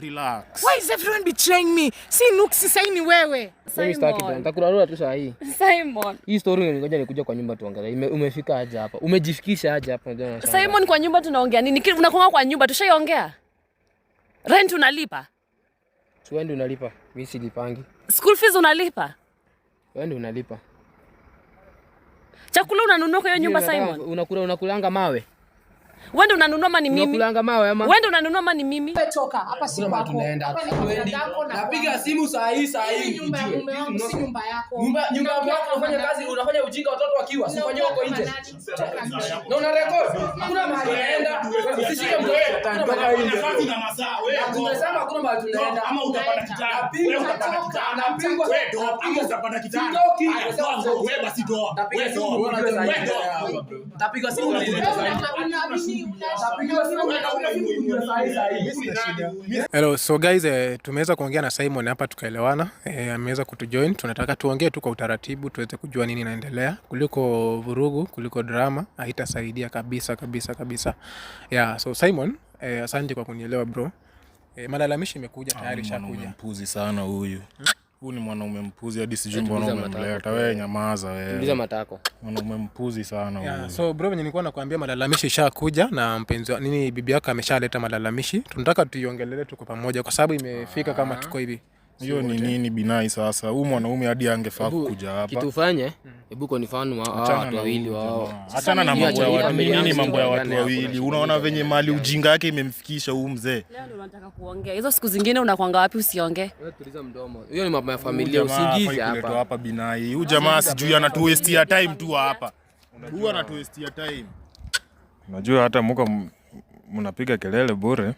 Relax. Why is everyone betraying me? Si Nuke, si sai ni wewe. Mimi sitaki tena. Nitakurarua tu saa hii. Simon. Hii story ngoja nikuja kwa nyumba tuangalie. Umefika aje hapa? Umejifikisha aje hapa? Simon, kwa nyumba tunaongea nini? Unakuwa kwa nyumba tushaiongea. Rent unalipa? Si unalipa. Mimi silipangi. School fees unalipa? Wewe unalipa. Chakula unanunua kwa hiyo nyumba Simon? Unakula unakulanga mawe. Wende unanunua mani mimi. Unakulanga mawe ama? Wende unanunua mani mimi. Toka hapa si kwako. Napiga simu saa hii saa yaani hii. Mume wangu si nyumba yako. Nyumba nyumba yako unafanya kazi unafanya ujinga watoto wakiwa. Sifanye huko nje. Na una record. Kuna mahali unaenda. Usishike mkono. Tunapaka Kuna masaa wewe. Tunasema kuna mahali tunaenda. Ama utapata kitana. Wewe utapata kitana. Napigwa. Ama utapata kitana. Wewe basi doa. Wewe doa. Wewe simu. Hello, so guys, eh, tumeweza kuongea na Simon hapa tukaelewana, eh, ameweza kutujoin. Tunataka tuongee tu kwa utaratibu tuweze kujua nini inaendelea, kuliko vurugu, kuliko drama, haitasaidia kabisa kabisa kabisa. Yeah, so Simon, eh, asante kwa kunielewa bro. Eh, malalamishi imekuja tayari, ah, shakuja. Mpuzi sana huyu. Hmm? huu ni mwanaume mpuzi hadi sijui mbona umemleta wewe, nyamaza wewe, mwanaume mpuzi sana yeah. So bro, venye nikuwa nakuambia malalamishi ishakuja na mpenzi nini, bibi yako ameshaleta malalamishi, tunataka tuiongelele tuko pamoja, kwa sababu imefika kama ah. tuko hivi hiyo ni nini Binai? Sasa huu mwanaume hadi angefaa kukuja hapa, kitu fanye Hebu kwa mfano watu wawili wao, achana na mambo ya watu nini, mambo ya watu wawili. Unaona venye mali ujinga yake imemfikisha huu mzee. Leo ndo nataka kuongea hizo. Siku zingine unakwanga wapi? Usiongee, wewe tuliza mdomo. Hiyo ni mambo ya familia, usiingize hapa hapa Binai. huu jamaa sijui ya time tu hapa, waste ya time. Unajua hata muko mnapiga kelele bure.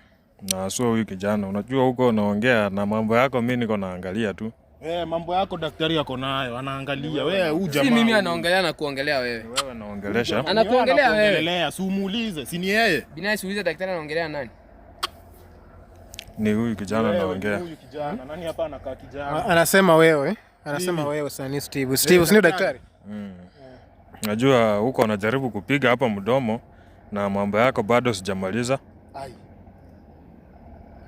Na sio huyu kijana unajua huko unaongea na mambo yako, mimi niko naangalia tu. Eh, mambo yako daktari yako nayo anaangalia. Wewe huyu jamaa. Si mimi anaongelea na kuongelea wewe. Wewe anaongelesha, Anakuongelea wewe. Si muulize, si ni yeye. Binafsi Uulize daktari anaongelea nani? Ni huyu kijana anaongea. Huyu kijana. Nani hapa anakaa kijana? Anasema wewe. Anasema wewe sasa Steve. Steve si ni daktari? Mm. Najua huko anajaribu kupiga hapa mdomo na mambo yako bado sijamaliza. Ai.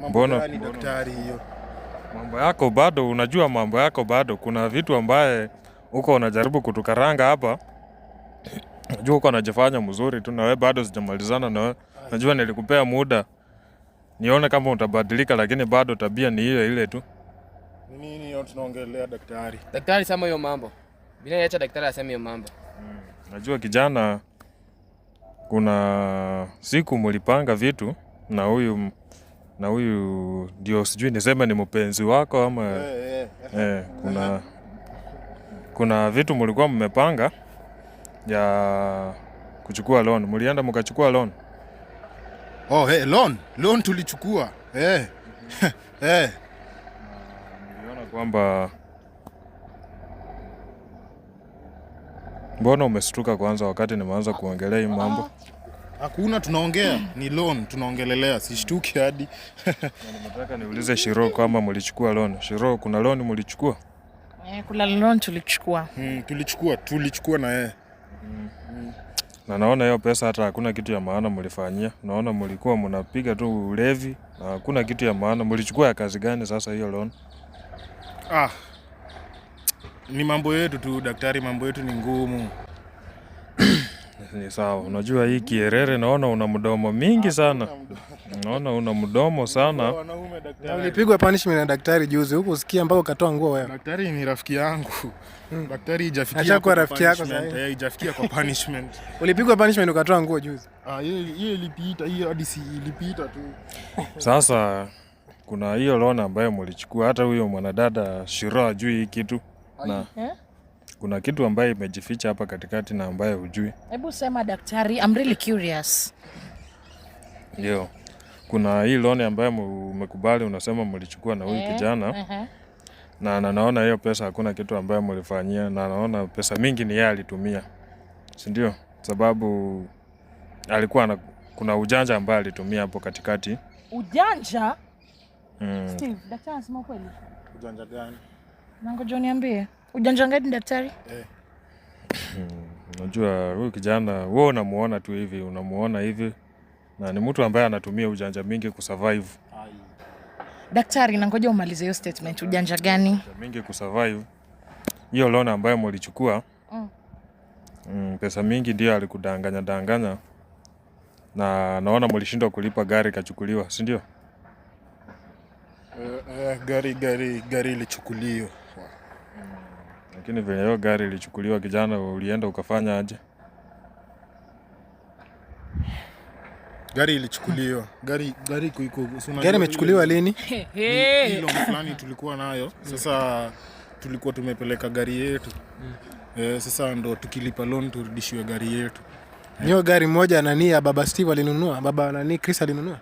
Mbona daktari hiyo mambo yako bado, unajua mambo yako bado, kuna vitu ambaye uko unajaribu kutukaranga hapa. Najua uko unajifanya mzuri tu, nawe bado sijamalizana nawe. Najua nilikupea muda nione kama utabadilika, lakini bado tabia ni ile ile tu. Nini hiyo tunaongelea daktari? Daktari sema hiyo mambo bila acha daktari aseme hiyo mambo. Hmm. Najua kijana, kuna siku mlipanga vitu na huyu na huyu ndio sijui niseme ni mpenzi wako ama yeah, yeah. Eh, kuna, kuna vitu mlikuwa mmepanga ya kuchukua loan, mlienda mkachukua loan? Oh, hey, loan loan tulichukua hey. Eh. Eh. hey. Niliona kwamba mbona umestuka kwanza wakati nimeanza kuongelea hii mambo? Hakuna, tunaongea ni loan, tunaongelelea, sishtuki hadi nataka niulize Shiro kwamba mlichukua loan. Shiro, kuna loan mlichukua? Eh, kuna loan tulichukua. Mm, tulichukua tulichukua na yeye hmm. Na naona hiyo pesa hata hakuna kitu ya maana mlifanyia. Naona mlikuwa mnapiga tu ulevi na hakuna kitu ya maana. Mlichukua ya kazi gani sasa hiyo loan? Ah, ni mambo yetu tu daktari, mambo yetu ni ngumu ni sawa. Unajua hii Kierere, naona una mdomo mingi sana, naona una mdomo sana. Nilipigwa punishment na daktari juzi, huko, usikia mpaka ukatoa nguo wewe. Daktari ni rafiki yangu. Hmm. Daktari ijafikia kwa rafiki yako sasa, Yeye eh, ijafikia kwa punishment. Ulipigwa punishment ukatoa nguo juzi? Ah, hiyo ilipita, hiyo hadi si ilipita tu. Sasa kuna hiyo loan ambayo mlichukua, hata huyo mwanadada Shiro ajui hii kitu na Aye kuna kitu ambayo imejificha hapa katikati na ambayo hujui. Hebu sema daktari, I'm really curious. Ndio, kuna hii loan ambayo umekubali, unasema mlichukua na huyu eh, kijana uh -huh. na naona hiyo pesa hakuna kitu ambayo mlifanyia, na naona pesa mingi ni yeye alitumia, si ndio? Sababu alikuwa na, kuna ujanja ambaye alitumia hapo katikati. Ujanja? Mm. Steve, daktari anasema kweli? Ujanja gani? Nangoja niambie. Ujanja gani daktari? Eh. Unajua huyu kijana wewe unamuona tu hivi, unamuona hivi na ni mtu ambaye anatumia ujanja mingi kusurvive. Daktari, na ngoja umalize hiyo statement. Ujanja gani? Mingi kusurvive hiyo loan ambayo mlichukua mm. Mm, pesa mingi ndio alikudanganya danganya, na naona mlishindwa kulipa, gari ikachukuliwa, si ndio? Uh, uh, gari gari gari ilichukuliwa lakini vile hiyo gari ilichukuliwa kijana, ulienda ukafanya aje? Gari ilichukuliwa. Gari gari kuiko. Gari imechukuliwa lini? Hilo fulani tulikuwa nayo. Sasa tulikuwa tumepeleka gari yetu. Mm. Eh, sasa ndo tukilipa loan turudishiwe gari yetu. Niyo gari moja nani ya Baba Steve alinunua, Baba nani Chris alinunua?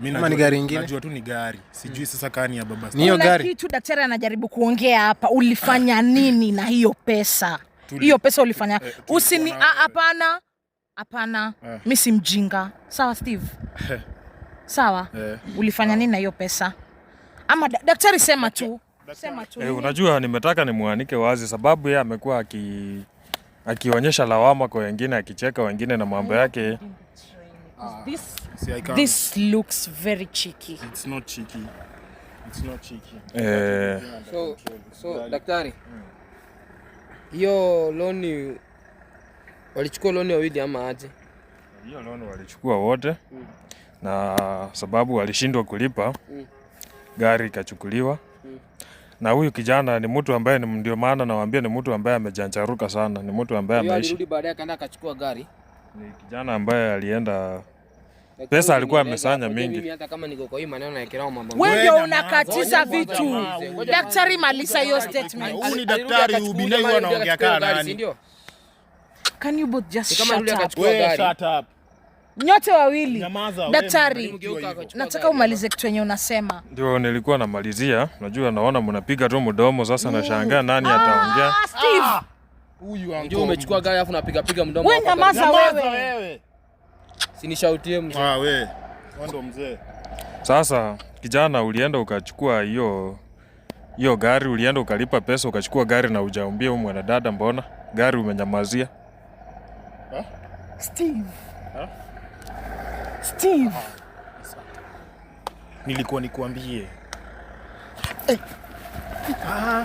Mimi ah, ni gari ingine. Najua tu ni gari. Sijui sasa kani ya baba. Ni hiyo gari. Kitu daktari anajaribu kuongea hapa, ulifanya ah. nini na hiyo pesa? Hiyo pesa ulifanya. Eh, Usini ah, hapana. Hapana. Mimi eh. si mjinga. Sawa Steve. Eh. Sawa. Ulifanya nini na hiyo pesa? Ama daktari sema tu. Sema tu. Eh, unajua nimetaka nimwanike wazi sababu yeye amekuwa aki akionyesha lawama kwa wengine akicheka wengine na mambo yake. Mm-hmm. Ah, this see, I can't. this looks very cheeky. It's not cheeky. It's not cheeky. Eh. So, so daktari, hmm. hiyo loni walichukua loni wawili ama aje? Hiyo loni walichukua wote mm. na sababu walishindwa kulipa mm. gari ikachukuliwa mm. na huyu kijana ni mtu ambaye ni ndio maana nawaambia ni mtu ambaye amejanjaruka sana, ni mtu ambaye ameishi. Alirudi baadaye akaenda akachukua gari. Ni kijana ambaye alienda Pesa alikuwa amesanya mingi. Wewe unakatisha vitu. Daktari, malisa hiyo statement. Huyu ni daktari Ubinai anaongea kana nani? Can you both just shut up? shut up. Nyote wawili. Daktari, nataka umalize kitu yenye unasema. Ndio nilikuwa namalizia. Najua naona mnapiga tu mdomo sasa, nashangaa nani ataongea. Ah, Steve. Huyu angoo. Ndio umechukua gari afu unapiga piga mdomo. Wewe nyamaza wewe sinishautie mzee. Ah, we ndo mzee. Sasa kijana, ulienda ukachukua hiyo hiyo gari, ulienda ukalipa pesa ukachukua gari na ujaambia huyu mwanadada, mbona gari umenyamazia? Steve. Steve. Ah, Nilikuwa nikuambie. Hey. Ah.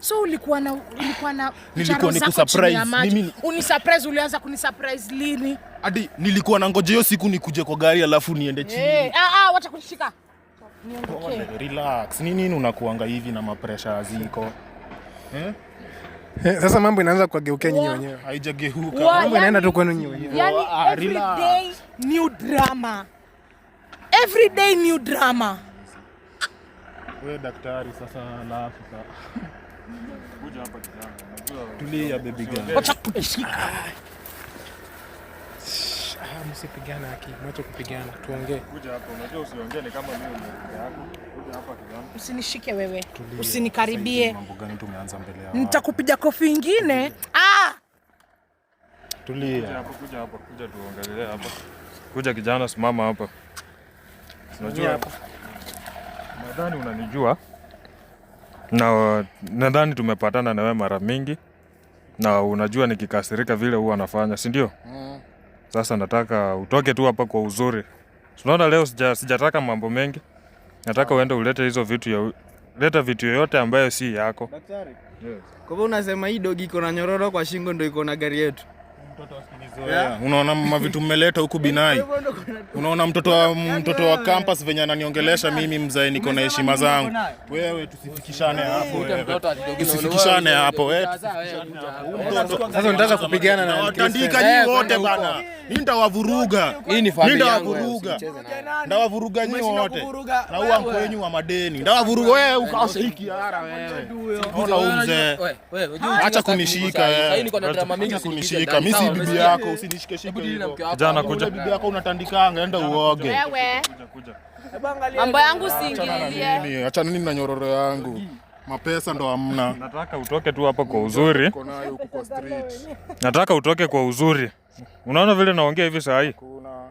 So ulikuwa na ulikuwa na nilikuwa ni nikusurprise. Mimi uni surprise, ulianza kuni surprise lini? Hadi nilikuwa na ngoja hiyo siku nikuje kwa gari alafu niende chini. Eh, ah ah, wacha kunishika. Niondoke. Relax. Ni nini unakuanga hivi na mapresha ziko? Eh? eh? sasa mambo inaanza kuwageukia nyinyi wenyewe. Haijageuka. Mambo inaenda tu kwenu nyinyi wenyewe. Yaani ah, every day new drama. Every day new drama. We daktari sasa la Afrika. Kuja hapa kijana. Tulia baby girl. Wacha kunishika. Ah, msipigana haki, mwache kupigana, tuongee. Kuja hapa, unajua usiongee ni kama mimi mbele yako. Kuja hapa kijana. Usinishike wewe. Usinikaribie. Mambo gani tumeanza mbele yako? Nitakupiga kofi ingine. Ah! Tulia. Kuja hapa, kuja hapa, kuja tuongelee hapa. Kuja kijana, simama hapa. Unajua hapa nadhani unanijua na nadhani tumepatana na wewe mara mingi, na unajua nikikasirika vile huwa anafanya si ndio? Mm. Sasa nataka utoke tu hapa kwa uzuri. Unaona leo sija, sijataka mambo mengi, nataka uende ulete hizo vitu ya, leta vitu yoyote ambayo si yako. Daktari. Yes. Kwa hivyo unasema hii dogi iko na nyororo kwa shingo ndio iko na gari yetu. Mtoto yeah. Unaona mavitu mmeleta huku Binai, unaona mtoto wa mtoto wa campus venye ananiongelesha mimi, mzee, niko na heshima zangu. Wewe tusifikishane hapo, tusifikishane hapo. Sasa unataka kupigana na tandika nyinyi wote bana, mimi ndawavuruga, mimi ndawavuruga, ndawavuruga nyinyi wote na huwa anko wenyu wa madeni ndawavuruga. Wewe ukaosha hiki ara, wewe, ona mzee, acha kunishika wewe, acha kunishika mimi, si bibi yako yako usinishike shike hivyo. Kijana kuja. Bibi yako unatandikanga, enda uoge. Wewe. Mambo yangu siingililie. Eh. Acha nini na nyororo yangu. Mapesa ndo hamna. Nataka utoke tu hapa kwa uzuri. Nataka utoke kwa uzuri. Unaona vile naongea hivi saa hii? Kuna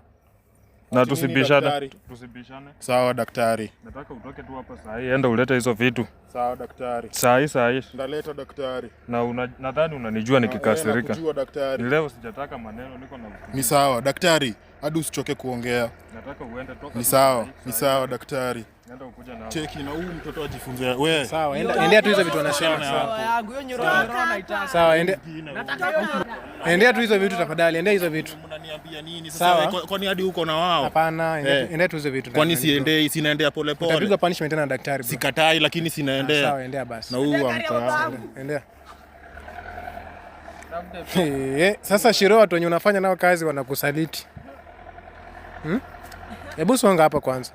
na tusibishane, tusibishane. Sawa daktari, nataka utoke tu hapa saa hii, enda ulete hizo vitu. Sawa daktari, saa hii saa hii ndaleta daktari. Na una, nadhani unanijua nikikasirika. Najua daktari, leo sijataka maneno, niko na ni sawa daktari, hadi usichoke kuongea. Nataka uende toka. Ni sawa, ni sawa daktari na mtoto ajifunze wewe. Sawa, endea tu hizo vitu anasema. Sawa, endea. tu hizo vitu tafadhali, endea hizo vitu. Unaniambia nini sasa? Kwani hadi huko na wao? Hapana, endea tu hizo vitu. Kwani siendei, sinaendea pole pole. Utapigwa punishment tena na daktari. Sikatai lakini sinaendea. Sawa, endea basi. Na Endea. Sasa Shiro, watu wenye unafanya nao kazi wanakusaliti. Hmm? Hebu songa hapa kwanza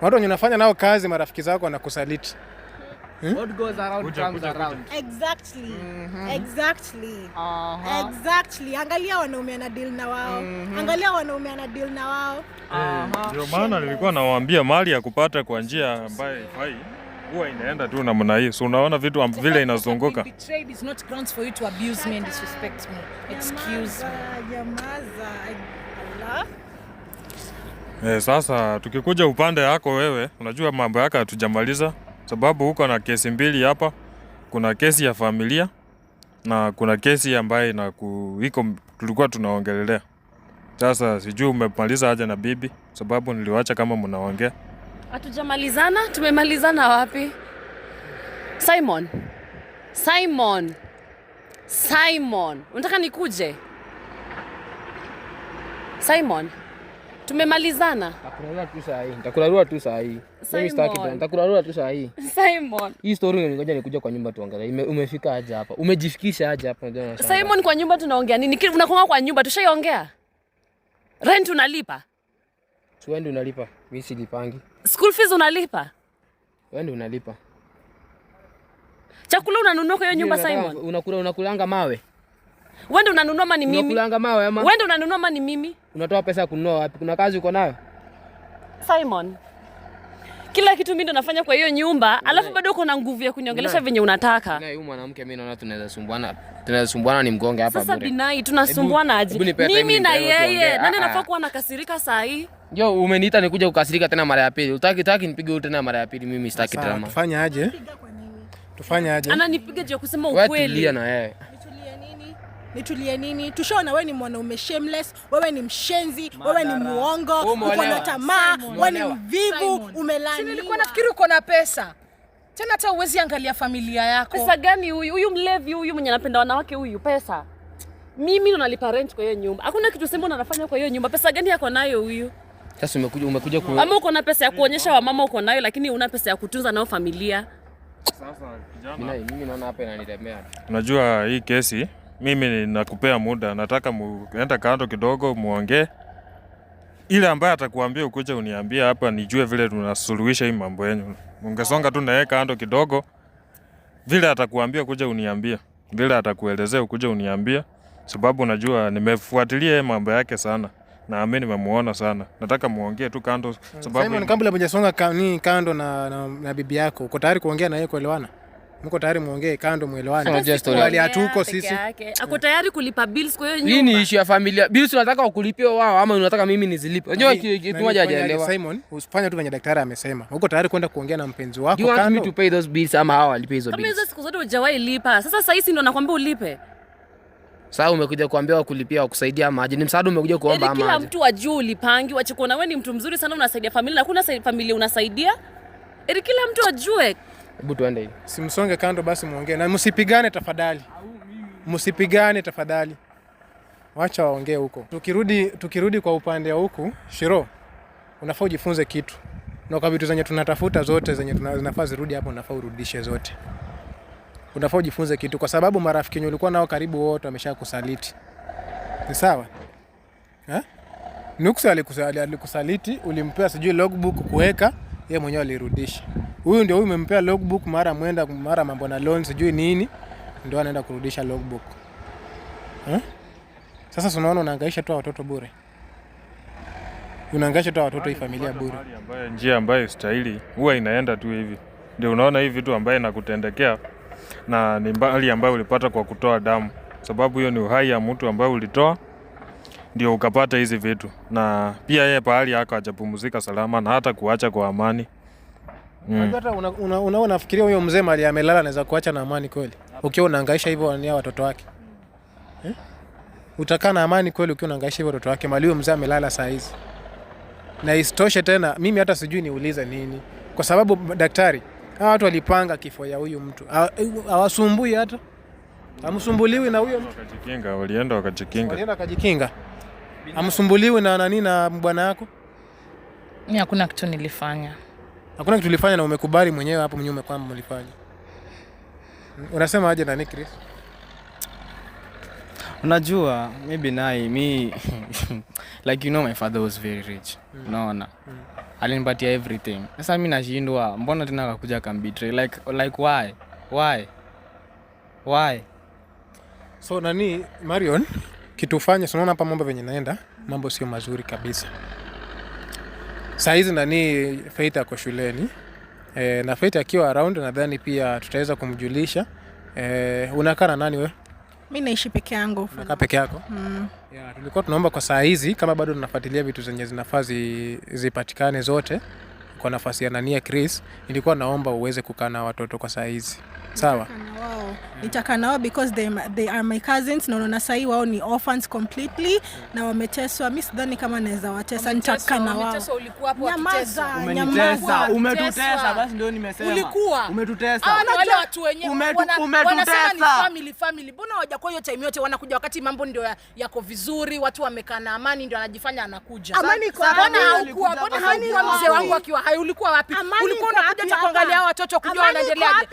watu wenye unafanya nao kazi, marafiki zako wanakusaliti. Hmm? What goes around comes around. Exactly. Mm-hmm. Exactly. Uh-huh. Exactly. Angalia wanaume ana deal na wao. Mm-hmm. Angalia wanaume ana deal na wao. Uh-huh. Ndio Maana nilikuwa nawaambia mali ya kupata kwa njia ambayo haifai huwa inaenda tu namna hii. So unaona vitu vile inazunguka. Betrayed is not grounds for you to abuse me and disrespect me. Excuse me. Jamaza. Allah. E, sasa tukikuja upande yako wewe, unajua mambo yako hatujamaliza, sababu huko na kesi mbili hapa. Kuna kesi ya familia na kuna kesi ambayo inaku iko tulikuwa tunaongelelea. Sasa sijui umemaliza aje na bibi, sababu niliwacha kama mnaongea. Hatujamalizana, tumemalizana wapi? Simon, Simon, Simon, unataka nikuje Simon? Tumemalizana. Nakurarua tu saa hii. Nitakurarua tu saa hii. Mimi sitaki tena. Nitakurarua tu saa hii. Simon. Hii story ngoja nikuja kwa nyumba tuangalie. Umefika aje hapa? Umejifikisha aje hapa? Simon, kwa nyumba tunaongea nini? Unakuwa kwa nyumba tushaiongea. Rent unalipa? Si unalipa. Mimi silipangi. School fees unalipa? Wewe unalipa. Chakula unanunua kwa hiyo nyumba Simon? Unakula unakulanga mawe. Wewe ndio unanunua mani mimi? Unakulanga mawe ama? Wewe ndio unanunua mani ni mimi? unatoa pesa kununua wapi? Kuna kazi uko nayo Simon? Kila kitu mimi ndo nafanya kwa hiyo nyumba, alafu bado uko na nguvu ya kuniongelesha venye unataka. Na huyu mwanamke mimi naona tunaweza sumbuana, tunaweza sumbuana ni mgonge hapa bure. Sasa Binai tunasumbuana aje? Mimi na yeye, nani ah, ah. anafaa kuwa na kasirika saa hii? Jo, umeniita nikuja kukasirika tena mara ya pili. Utaki taki nipige tena mara ya pili, mimi sitaki drama. Tufanye aje? Tufanye aje? Ananipiga je kusema ukweli. Wewe tulia na yeye nitulie nini? Tushaona wewe ni mwanaume shameless, wewe ni mshenzi, wewe ni muongo, uko na tamaa, wewe ni mvivu, umelani. Nilikuwa nafikiri uko na pesa tena, hata uwezi angalia familia yako. Pesa gani huyu? Huyu mlevi huyu mwenye anapenda wanawake huyu, pesa mimi ndo nalipa rent kwa hiyo nyumba. Hakuna kitu Simba anafanya kwa hiyo nyumba. Pesa gani yako nayo huyu? Sasa umekuja umekuja kwa Ama uko na pesa ya kuonyesha wamama uko nayo, lakini una pesa ya kutunza nao familia. Sasa kijana, mimi naona hapa inanilemea. Unajua hii kesi mimi ninakupea muda, nataka muenda kando kidogo, muongee. Ile ambaye atakuambia ukuje uniambia hapa, nijue vile tunasuluhisha hii mambo yenu. Ungesonga tu naye kando kidogo, vile atakuambia kuja uniambia, vile atakuelezea ukuje uniambia, sababu najua nimefuatilia mambo yake sana na mimi nimemuona sana, nataka muongee tu kando, sababu Simon Kambale hujasonga kando na, na, na bibi yako. Uko tayari kuongea na yeye kuelewana? mko tayari mwongee kando, mwelewane. Hali hatuko sisi, ako tayari kulipa bills. Kwa hiyo hii ni issue ya familia. Bills unataka wakulipie wao ama unataka mimi nizilipe? Unajua kitu moja hajaelewa Simon, usifanye tu venye daktari amesema. Uko tayari kwenda kuongea na mpenzi wako kando? You want me to pay those bills ama hao walipe hizo bills? Kama hizo siku zote hujawahi lipa, sasa sasa hivi ndo nakwambia ulipe. Sasa umekuja kuambia wakulipia wakusaidia maji. Ni msaada umekuja kuomba ama? Yaani kila mtu ajue ulipangi, wache kuona wewe ni mtu mzuri sana unasaidia familia. Hakuna familia unasaidia. Ili yaani kila mtu ajue Hebu tuende hivi. Simsonge kando basi muongee. Na msipigane tafadhali. Msipigane tafadhali. Wacha waongee huko. Tukirudi tukirudi kwa upande wa huku, Shiro, unafaa ujifunze kitu. Na kwa vitu zenye tunatafuta zote zenye tunafaa zirudi hapo unafaa urudishe zote. Unafaa ujifunze kitu kwa sababu marafiki wenyewe ulikuwa nao karibu wote wameshakusaliti. Ni sawa? Eh? Nuksi alikusaliti, ulimpea sijui logbook kuweka, yeye mwenyewe alirudisha huyu ndio huyu umempea logbook, mara mwenda mara mambo na loan sijui nini, ndio anaenda kurudisha logbook eh? Sasa unaona unahangaisha tu watoto bure, unahangaisha tu watoto hii familia bure, ambaye njia ambayo stahili huwa inaenda tu hivi. Ndio unaona hii vitu ambaye nakutendekea na ni mbali ambayo ulipata kwa kutoa damu, sababu hiyo ni uhai ya mtu ambaye ulitoa ndio ukapata hizi vitu, na pia yeye pahali yako hajapumzika salama na hata kuacha kwa amani. Mm. Hata unafikiria una, una huyo mzee mali amelala anaweza kuacha na amani kweli? Ukiwa hivyo watoto wake. Eh? Utakaa na amani kweli ukiwa hivyo watoto wake mali huyo mzee amelala saa hizi. Na isitoshe tena mimi hata sijui niulize nini. Kwa sababu daktari, hawa watu walipanga kifo ya huyu mtu. Hawasumbui hata. na huyo walienda wakajikinga. wakajikinga. na nani na bwana yako? Mimi hakuna kitu nilifanya. Hakuna kitu ulifanya na umekubali mwenyewe hapo mnyume kwamba ulifanya. Unasema aje nani Chris? Unajua maybe nai mi like you know my father was very rich. Mm. Unaona? Mm. Alinipatia everything. Sasa mimi nashindwa, mbona tena akakuja akambetray? Like like why? Why? Why? So nani Marion kitufanye, sinaona hapa mambo venye naenda, mambo sio mazuri kabisa hizi nani Faith ako shuleni e, na Faith akiwa around nadhani pia tutaweza kumjulisha e. Unakaa na nani wewe? Mimi naishi peke yangu. Unakaa peke yako? Mm. Yeah, tulikuwa tunaomba kwa saa hizi kama bado tunafuatilia vitu zenye zinafaa zipatikane zote kwa nafasi ya nani ya Chris, nilikuwa naomba uweze kukaa na watoto kwa saa hizi sawa nitaka nao because they, they are my cousins na unaona sahii wao ni orphans completely na wameteswa mi sidhani kama naweza watesa nitakaa na wao nyamaza nyamaza umetutesa basi ndio nimesema ulikuwa umetutesa ah, wale watu wenyewe wanasema ni family family mbona waja kwa hiyo time yote wanakuja wakati mambo ndio yako vizuri watu wamekaa na amani ndio anajifanya anakuja amani kwa mbona haukuwa mbona haukuwa mzee wangu akiwa hai ulikuwa wapi ulikuwa unakuja tu kuangalia watoto kujua wanaendeleaje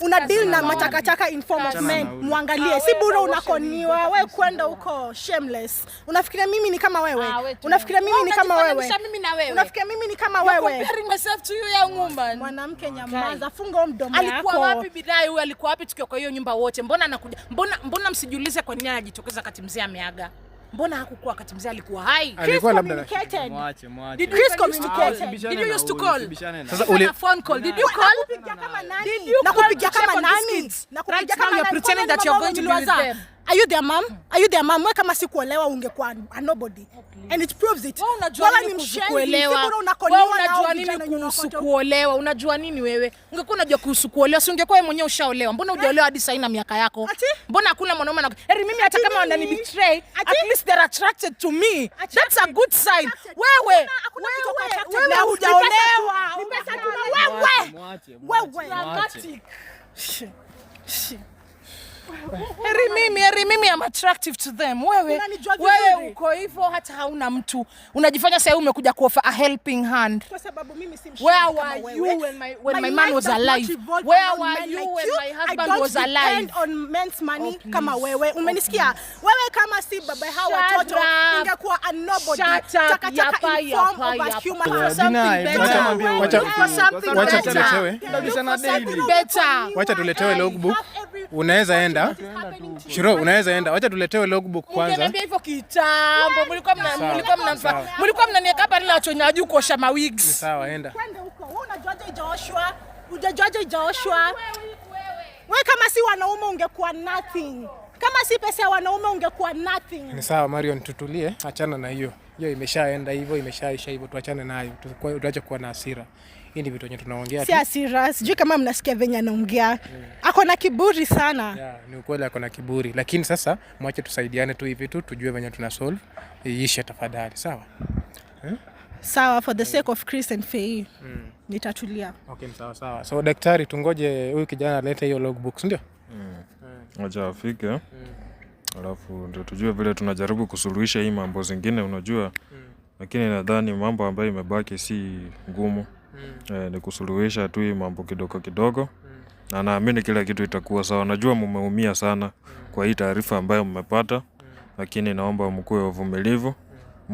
una deal na machakachaka enforcement, mwangalie. Si bure unakoniwa wewe kwenda huko shameless. Unafikiria mimi ni kama wewe? Ah, Unafikiria mimi ni kama wewe? Unafikiria mimi ni kama wewe? Mwanamke nyamaza, funga mdomo wako. Alikuwa wapi bidai huyo? Alikuwa wapi tukio kwa hiyo nyumba wote? Mbona anakuja? Mbona msijiulize kwa nini anajitokeza kati mzee ameaga? Mbona hakukuwa wakati mzee alikuwa hai? Alikuwa communicated. Did Chris Did you used to call? Sasa call. Did you call? Nakupigia kama nani? Are you their mom? Are you their mom? Wewe kama sikuolewa ungekuwa a nobody. And it proves it. Wewe unajua nini kuhusu kuolewa? Wewe unajua nini kuhusu kuolewa? Unajua nini wewe? Ungekuwa unajua kuhusu kuolewa, si ungekuwa wewe mwenyewe ushaolewa. Mbona hujaolewa hadi sasa ina miaka yako? Mbona hakuna mwanaume na Heri mimi hata kama wanani betray, at least they're attracted to me. That's a good sign. Wewe, wewe hujaolewa. Ni pesa tu wewe. Wewe. Shit. Shit. Heri mimi, heri mimi am attractive to them. Wewe wewe uko hivyo hata hauna mtu. Unajifanya sasa umekuja kuofa a helping hand. Kwa sababu mimi si mshirika kama wewe. Where were you when my when my man was alive? Where were you when my husband was alive? I don't depend on men's money oh, kama wewe. Oh, Umenisikia? Wewe kama si baba hawa watoto ingekuwa a nobody. Taka ya pa, of human for something better. Wacha Wacha tuletewe logbook unaweza enda Shiro, unaweza enda. Wacha tuletewe logbook kwanza. Ungeniambia hivyo kitambo. Mlikuwa mna mlikuwa mna mlikuwa mnaniweka hapa nila chonya juu kuosha mawigs. sawa, enda. Kwenda huko. Wewe unajuaje ijaoshwa? Unajuaje Joshua? Wewe kama si wanaume ungekuwa nothing. Kama si pesa ya wanaume ungekuwa nothing. Ni sawa, Marion, tutulie, achana na hiyo. Hiyo imeshaenda hivyo, imeshaisha hivyo, tuachane nayo. Tuache kuwa na hasira hii ni vitu yenye tunaongea si asira. Sijui kama mnasikia venye anaongea mm. Ako na kiburi sana yeah, ni ukweli ako na kiburi, lakini sasa mwache tusaidiane tu hivi tu tujue venye tuna solve iishe tafadhali, sawa eh? Sawa, for the sake of Christ and Faye mm. Nitatulia okay, sawa sawa. So daktari, tungoje huyu kijana alete hiyo logbook ndio wacha mm. afike mm. Alafu ndio tujue vile tunajaribu kusuluhisha hii mambo zingine, unajua mm. Lakini nadhani mambo ambayo imebaki si ngumu. mm mm. Eh, ni kusuluhisha tu hii mambo kidogo kidogo mm. na naamini kila kitu itakuwa sawa. Najua mumeumia sana mm. kwa hii taarifa ambayo mmepata mm. lakini naomba mkuwe wavumilivu mm.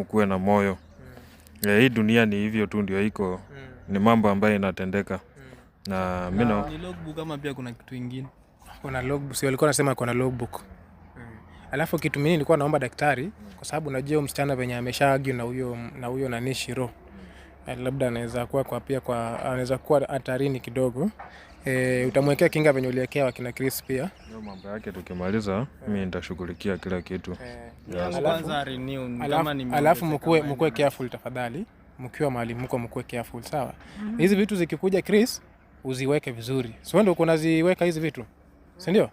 mkuwe na moyo mm. eh, hii dunia ni hivyo tu ndio iko mm. ni mambo ambayo inatendeka mm. na mimi na ni logbook kama pia kuna kitu kingine, kuna logbook sio, alikuwa anasema kuna logbook mm. Alafu kitu mimi nilikuwa naomba daktari, kwa sababu najua msichana venye amesha argue na huyo na huyo nani Mm. Eh, labda anaweza kuwa kwa pia kwa anaweza kuwa hatarini kidogo. E, utamwekea kinga venye uliwekea wakina Chris pia. Ndio mambo yake tukimaliza mimi nitashughulikia kila kitu. Eh, alafu mkuwe mkuwe careful tafadhali. Mkiwa mahali mko mkuwe careful sawa. Mhm. Hizi vitu zikikuja Chris uziweke vizuri. Si wewe ndio uko unaziweka hizi vitu? Si ndio?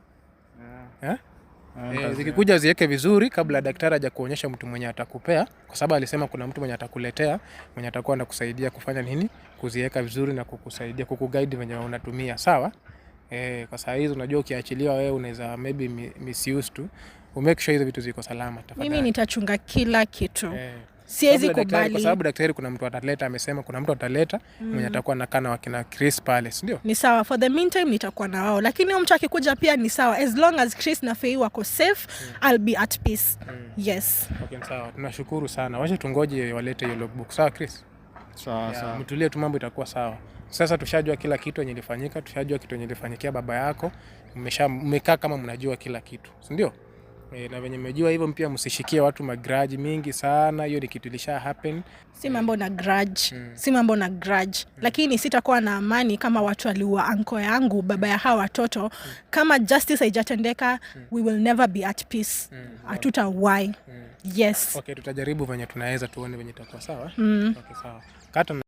yeah? Ah, eh, zikikuja ziweke vizuri kabla daktari aja kuonyesha mtu mwenye atakupea, kwa sababu alisema kuna mtu mwenye atakuletea mwenye atakuwa anakusaidia kufanya nini, kuziweka vizuri na kukusaidia kukuguide venye unatumia sawa. E, kwa saa hizi unajua ukiachiliwa wewe unaweza maybe misuse tu, umake sure hizo vitu ziko salama tafadhali. Mimi nitachunga kila kitu e siwezi kubali, kwa sababu daktari, kuna mtu ataleta, amesema kuna mtu ataleta mm. mwenye atakuwa nakaa na wakina Chris pale, si Ni sawa, for the meantime nitakuwa na wao, lakini huyo mtu akikuja pia ni sawa, as long as Chris na Fei wako safe mm. I'll be at peace mm. yes. Okay, sawa, tunashukuru sana, wacha tungoje walete hiyo logbook. Sawa Chris, sawa sawa, mtulie tu, mambo itakuwa sawa. Sasa tushajua kila kitu yenye ilifanyika, tushajua kitu yenye ilifanyikia baba yako, mmekaa kama mnajua kila kitu, si E, na venye mmejua hivyo pia msishikie watu magrudge mingi sana, hiyo ni kitu ilisha happen. Si mambo na grudge, mm. si mambo na grudge mm. Lakini sitakuwa na amani kama watu waliua anko yangu, baba ya hawa watoto mm. Kama justice haijatendeka mm. we will never be at peace mm. why. mm. Yes. Okay, tutajaribu venye tunaweza tuone venye itakuwa sawa. Mm. Okay, sawa. Kata